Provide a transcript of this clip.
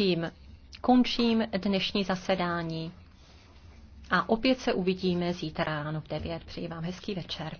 tím končím dnešní zasedání a opět se uvidíme zítra ráno v 9. Přeji vám hezký večer.